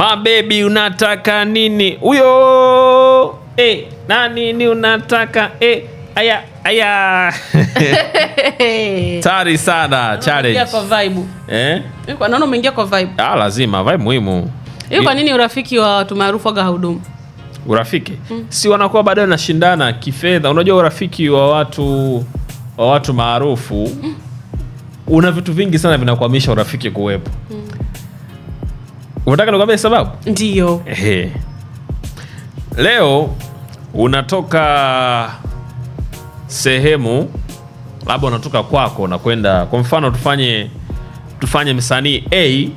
Mabebi, unataka nini huyo? E, eh, na nini unataka e? Aya, aya. Tari sana challenge. Kwa vibe. Eh? Yuko naona umeingia kwa vibe. Ah, lazima vibe muhimu. Hiyo kwa nini urafiki wa watu maarufu aga haudumu? Urafiki? Mm. Si wanakuwa baadaye wanashindana kifedha. Unajua urafiki wa watu wa watu maarufu mm. Una vitu vingi sana vinakwamisha urafiki kuwepo. Mm. Unataka nikwambie sababu? Ndio. Ehe. Leo unatoka sehemu labda unatoka kwako na kwenda kwa mfano tufanye tufanye msanii A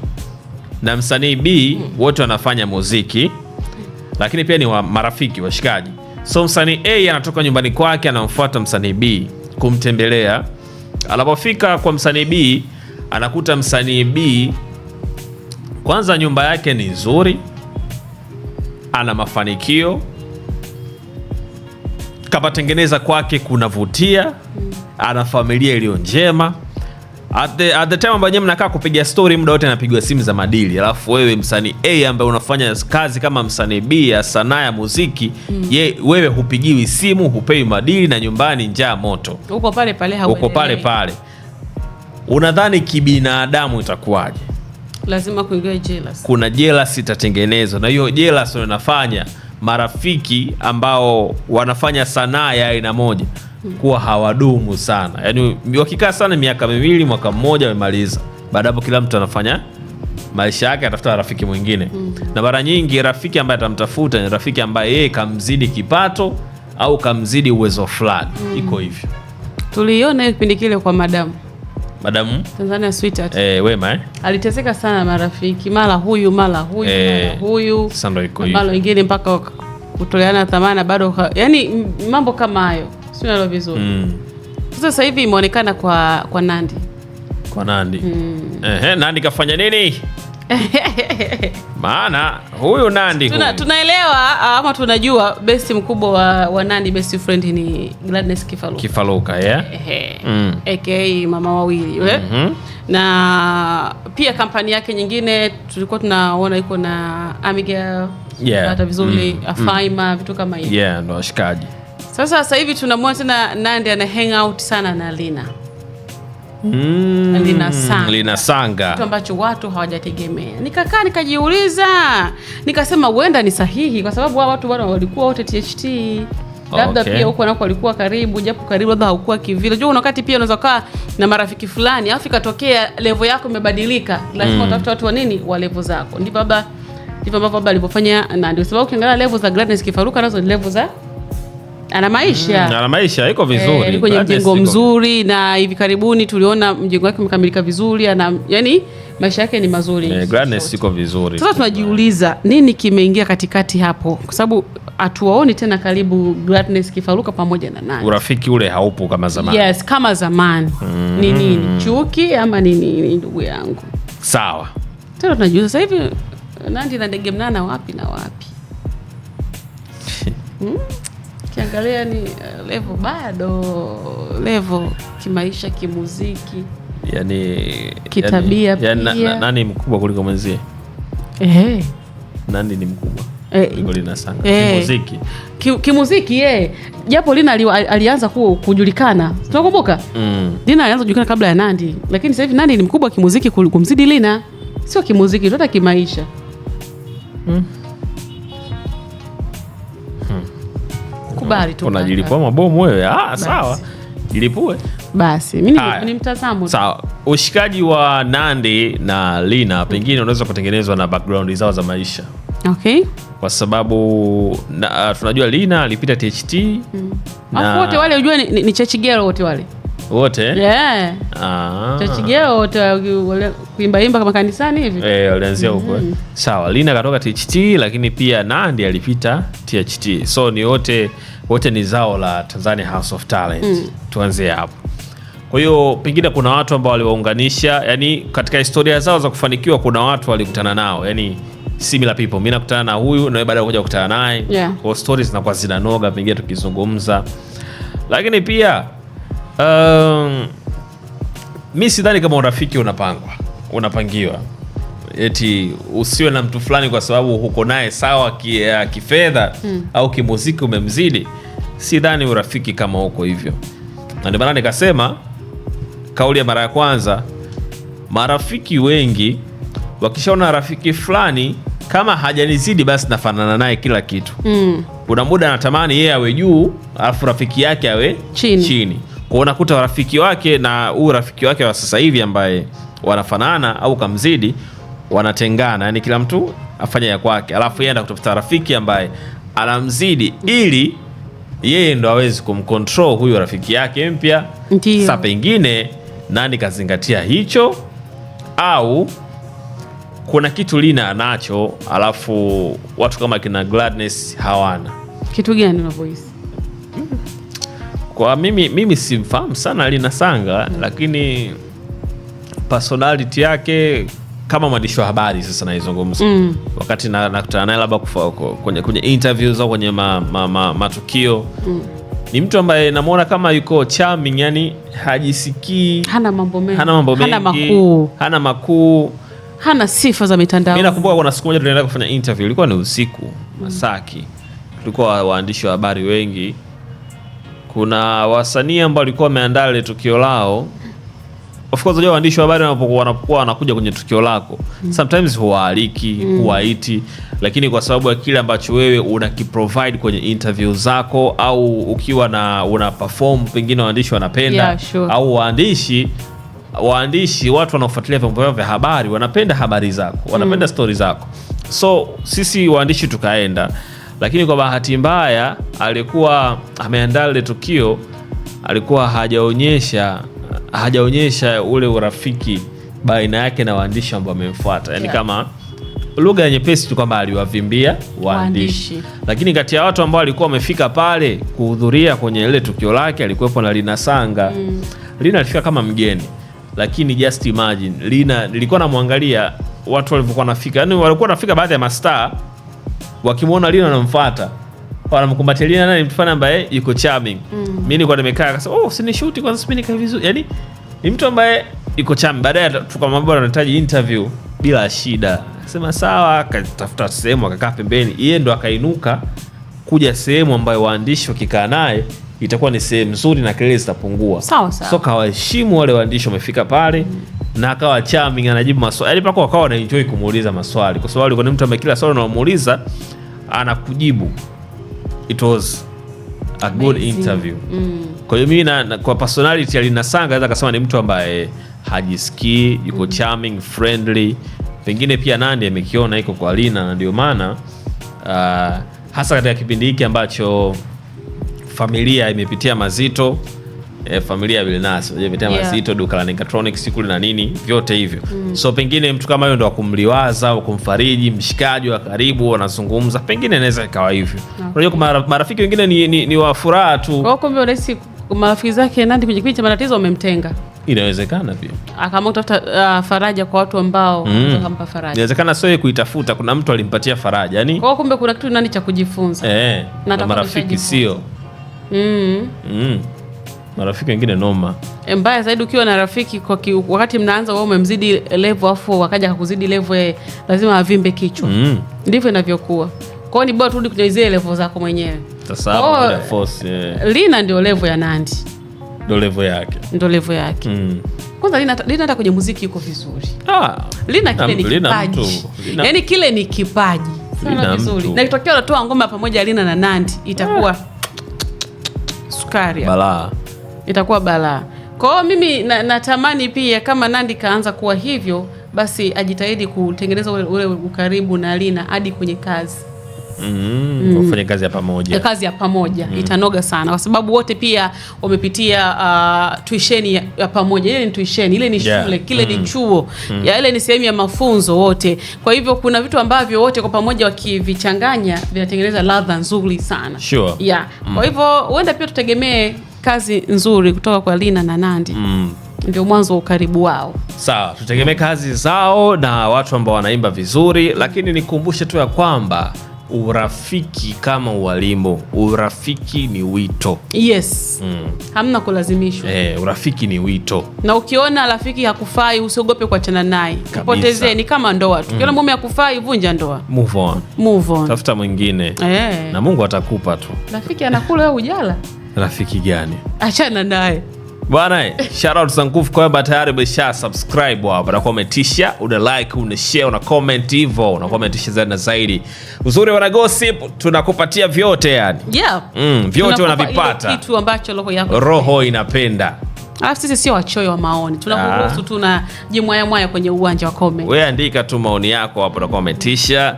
na msanii B wote wanafanya muziki lakini pia ni wa marafiki washikaji. So msanii A anatoka nyumbani kwake anamfuata msanii B kumtembelea. Anapofika kwa msanii B anakuta msanii B kwanza nyumba yake ni nzuri, ana mafanikio, kapatengeneza kwake kunavutia, ana familia iliyo njema. At the, at the time ambayo nyewe mnakaa kupiga story muda wote anapigwa simu za madili, alafu wewe msanii A ambaye unafanya kazi kama msanii B ya sanaa ya muziki mm. Ye, wewe hupigiwi simu, hupewi madili na nyumbani njaa moto, uko pale pale, hauko pale pale. Unadhani kibinadamu itakuwaje? lazima kuingia jealous. Kuna jealous itatengenezwa, na hiyo jealous inafanya marafiki ambao wanafanya sanaa ya aina moja kuwa hawadumu sana, yaani wakikaa sana miaka miwili mwaka mmoja wamemaliza. Baada hapo kila mtu anafanya maisha yake, atafuta rafiki mwingine mm. na mara nyingi rafiki ambaye atamtafuta ni rafiki ambaye yeye kamzidi kipato au kamzidi uwezo fulani mm. iko hivyo, tuliona kipindi kile kwa madamu Madamu Tanzania Sweetheart. Eh, Wema eh. Aliteseka sana marafiki, mara huyu mara huyu eh, mara huyu. Mara nyingine mpaka kutoleana thamana bado, yani mambo kama hayo. Sio nalo vizuri. Mm. Sasa hivi imeonekana kwa kwa Nandi. Kwa Nandi. Mm. Eh, Nandi kafanya nini? maana huyu Nandi tuna, tunaelewa ah, ama tunajua besti mkubwa wa, wa Nandi best friend ni Gladness Kifaluka, Kifaluka yeah? mm. aka mama wawili mm -hmm. na pia kampani yake nyingine tulikuwa tunaona iko na Amiga yeah. hata vizuri mm. Afaima mm. vitu kama hivyo yeah, ndo washikaji sasa. Sasa hivi tunamwona tena Nandi ana hang out sana na Lina Mm, linasanga, linasanga, kitu ambacho watu hawajategemea. Nikakaa nikajiuliza, nikasema huenda ni sahihi, kwa sababu hawa watu bwana walikuwa wote THT labda okay. Pia huko nako walikuwa karibu, japo karibu labda haukuwa kivile. Unajua, kuna wakati pia unaweza kaa na marafiki fulani afu ikatokea levo yako imebadilika, lazima mm. utafuta watu wa nini wa levo zako. Ndivyo baba, ndivyo ambavyo baba alivyofanya, na ndio sababu ukiangalia levo za Gladness Kifaruka nazo ni levo za ana maisha mm, ana maisha iko vizuri e, kwenye mjengo mzuri, na hivi karibuni tuliona mjengo wake umekamilika vizuri. Ana yani maisha yake ni mazuri e, Gladness iko vizuri. Sasa tunajiuliza nini kimeingia katikati hapo, kwa sababu hatuwaoni tena karibu Gladness kifaruka pamoja na nani, urafiki ule haupo kama zamani. Yes, kama zamani mm. ni nini, chuki ama ni nini? Ndugu yangu, sawa. Tena tunajiuliza sasa hivi Nandy na Ndege mnana wapi na wapi? hmm? ukiangalia ni eh, levo bado levo kimaisha, kimuziki, yani kitabia yani, yani, na, na, nani mkubwa kuliko mwenzie? Ehe, nani ni mkubwa eh, eh. kimuziki kimuziki e. Japo Lina ali, alianza ku, kujulikana tunakumbuka mm. Lina alianza kujulikana kabla ya Nandi, lakini sasa hivi Nandi ni mkubwa kimuziki kumzidi Lina, sio kimuziki tu, hata kimaisha mm. Kubali tu. Unajilipua mabomu wewe. Ah, sawa. Jilipue. Basi mimi ni mtazamo. Sawa. Ushikaji wa Nandi na Lina pengine unaweza kutengenezwa na background zao za maisha. Okay. Kwa sababu na, uh, tunajua Lina alipita THT. Mm. Na... wote wale ujue ni, ni, ni chechigero wote wale wote yeah. Ah. Chachigeo wote imba kama kanisani hivi eh, walianzia huko mm -hmm. Sawa, Lina katoka THT, lakini pia Nandi alipita THT, so ni wote wote ni zao la Tanzania House of Talent mm. Tuanzie hapo. Kwa hiyo pengine kuna watu ambao waliwaunganisha, yani katika historia zao za kufanikiwa kuna watu walikutana nao, yani similar people. mi nakutana na huyu na baada ya kuja kukutana naye yeah. Kwa stories zinakuwa zinanoga pengine tukizungumza, lakini pia um, mi sidhani kama urafiki unapangwa unapangiwa eti usiwe na mtu fulani kwa sababu huko naye sawa ki, uh, kifedha mm. au kimuziki umemzidi, si dhani urafiki kama huko hivyo, na ndio maana nikasema kauli ya mara ya kwanza, marafiki wengi wakishaona rafiki fulani kama hajanizidi basi nafanana naye kila kitu. Hmm. Kuna muda anatamani yeye awe juu, alafu rafiki yake awe chini, chini. Kwa unakuta rafiki wake na huu rafiki wake wa sasa hivi ambaye wanafanana au kamzidi wanatengana, yani kila mtu afanya ya kwake, alafu yeye enda kutafuta rafiki ambaye anamzidi ili yeye ndo awezi kumcontrol huyo rafiki yake mpya. Sasa pengine nani kazingatia hicho, au kuna kitu Lina anacho alafu watu kama kina Gladness hawana. Kitu gani unavyohisi? Kwa mimi, mimi simfahamu sana Lina Sanga, lakini personality yake kama mwandishi wa habari sasa naizungumza mm. wakati nakutana naye labda kwenye, kwenye interviews au kwenye ma, ma, ma, matukio mm. ni mtu ambaye namwona kama yuko charming, yani hajisikii, hana mambo mengi, hana, mambo mengi, hana makuu, hana makuu hana sifa za mitandao. Mimi nakumbuka kuna siku moja tulienda kufanya interview, ilikuwa ni usiku Masaki mm. waandishi wa habari wengi, kuna wasanii ambao walikuwa wameandaa ile tukio lao of course, unajua waandishi wa habari wanapokuwa wanapokuwa wanakuja kwenye tukio lako mm. sometimes huwaaliki mm. huwaiti, lakini kwa sababu ya kile ambacho wewe unakiprovide kwenye interview zako au ukiwa na una perform pengine waandishi wanapenda yeah, sure. au waandishi waandishi watu wanaofuatilia vyombo vyao vya habari wanapenda habari zako, wanapenda mm. stori zako. So sisi waandishi tukaenda, lakini kwa bahati mbaya alikuwa ameandaa lile tukio alikuwa hajaonyesha hajaonyesha ule urafiki baina yake na waandishi ambao wamemfuata, yani yeah. kama lugha nyepesi tu kwamba aliwavimbia waandishi, lakini kati ya watu ambao walikuwa wamefika pale kuhudhuria kwenye ile tukio lake alikuwepo na Lina Sanga mm. Lina alifika kama mgeni, lakini just imagine Lina, nilikuwa namwangalia watu walivyokuwa nafika, yani walikuwa nafika baadhi ya mastaa wakimwona Lina wanamfuata wanamkumbatilia nani mtu fulani ambaye yuko charming. Mm. Mimi nilikuwa nimekaa kasa, "Oh, usinishuti kwanza spini nikae vizuri." Yaani ni mtu ambaye yuko charming. Baadaye tukamwambia anahitaji interview bila shida. Akasema sawa, akatafuta sehemu akakaa pembeni. Yeye ndo akainuka kuja sehemu ambayo waandishi wakikaa naye itakuwa ni sehemu nzuri na kelele zitapungua. Sawa sawa. So kawaheshimu wale waandishi wamefika pale. Mm na akawa charming anajibu maswali yani, mpaka wakawa wanaenjoy kumuuliza maswali, kwa sababu alikuwa ni mtu ambaye kila swali unamuuliza anakujibu it was a good Amazing. interview mm. Kwa hiyo mimi na, na, kwa personality alinasanga naweza kusema ni mtu ambaye hajisikii, yuko mm. charming, friendly. Pengine pia nandi amekiona iko kwa Lina na ndio maana uh, hasa katika kipindi hiki ambacho familia imepitia mazito eh, familia ya Bilnas, vita yeah. mazito, duka la Nekatronics kule na nini vyote hivyo mm. So pengine mtu kama huyo ndo akumliwaza au kumfariji mshikaji wa karibu, wanazungumza, pengine inaweza ikawa hivyo. Unajua okay. Marafiki wengine ni, ni, ni wa furaha tu oh, kumbe unahisi marafiki zake Nandy kwenye kipindi cha matatizo wamemtenga inawezekana pia akaamua kutafuta uh, faraja kwa watu ambao mm. kampa faraja. Inawezekana sio kuitafuta, kuna mtu alimpatia faraja yani. Kwa oh, kumbe kuna kitu Nandy cha kujifunza eh, na marafiki sio mm. mm marafiki wengine noma. Eh, mbaya zaidi ukiwa na rafiki kwa ki, wakati mnaanza wewe umemzidi level afu akaja levo level, eh, lazima avimbe kichwa. Mm. Ndivyo inavyokuwa. kwao, ni bora turudi kwenye zile level zako mwenyewe. Sasa hapo force. Yeah. Lina ndio level ya Nandi, Ndio level yake. Ndio level yake. Mm. Kwanza Lina, Lina hata kwenye muziki yuko vizuri. Ah. Lina yaani kile ni kipaji. yani kile ni kipaji. Sana vizuri. Na kitokea unatoa ngoma pamoja Lina na nandi itakuwa ah. sukari. Balaa itakuwa balaa. Kwa hiyo mimi na, natamani pia kama nandi kaanza kuwa hivyo, basi ajitahidi kutengeneza ule, ule ukaribu na Lina hadi kwenye kazi mm-hmm. mm, Kufanya kazi ya pamoja, kazi ya pamoja mm. Itanoga sana kwa sababu wote pia wamepitia uh, tuisheni ya, ya pamoja. Ile ni tuisheni, ile ni yeah. shule kile mm. ni mm-hmm. chuo mm. ya ile ni sehemu ya mafunzo wote. Kwa hivyo kuna vitu ambavyo wote kwa pamoja wakivichanganya vinatengeneza ladha nzuri sana sure. yeah. mm. Kwa hivyo huenda pia tutegemee kazi nzuri kutoka kwa Lina na Nandi mm. Ndio mwanzo wa ukaribu wao. Sawa, tutegemee kazi zao na watu ambao wanaimba vizuri, lakini nikumbushe tu ya kwamba urafiki kama ualimu, urafiki ni wito. Yes mm. Hamna kulazimishwa eh, urafiki ni wito, na ukiona rafiki hakufai usiogope kuachana naye, Ni kama ndoa tu mm. mume hakufai vunja ndoa, move on, move on, tafuta mwingine eh. Na Mungu atakupa tu rafiki anakula wewe ujala rafiki gani? Achana naye bwana. Shout out Sankufu kwamba tayari umesha subscribe hapa, unakuwa umetisha, una like, una share, una comment, hivo, unakuwa umetisha zaidi na zaidi. Uzuri wana Gossip tunakupatia vyote yani. Yeah. Mm, vyote unavipata kitu ambacho roho yako roho inapenda. Alafu sisi sio wachoyo wa maoni, tunakuruhusu ah. tu na jimwayamwaya kwenye uwanja wa comment. Wewe andika tu maoni yako hapo, unakuwa umetisha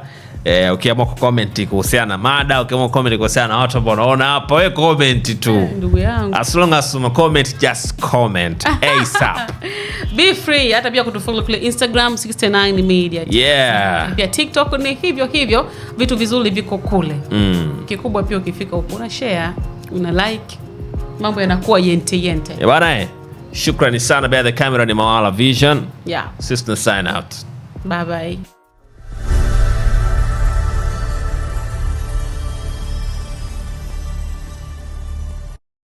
eh, ukiamua kucomment kuhusiana na mada, ukiamua kucomment kuhusiana na watu ambao unaona hapa, we comment tu eh, ndugu yangu, as long as una comment just comment ASAP. Be free hata pia kutufollow kule Instagram 69 Media. Yeah. Pia TikTok ni hivyo hivyo, vitu vizuri viko kule. Mm. Kikubwa pia ukifika huko una share, una like, mambo yanakuwa yente yente. Eh, bana eh. Shukrani sana, by the camera ni Mawala Vision. Yeah. Sister sign out. Bye bye.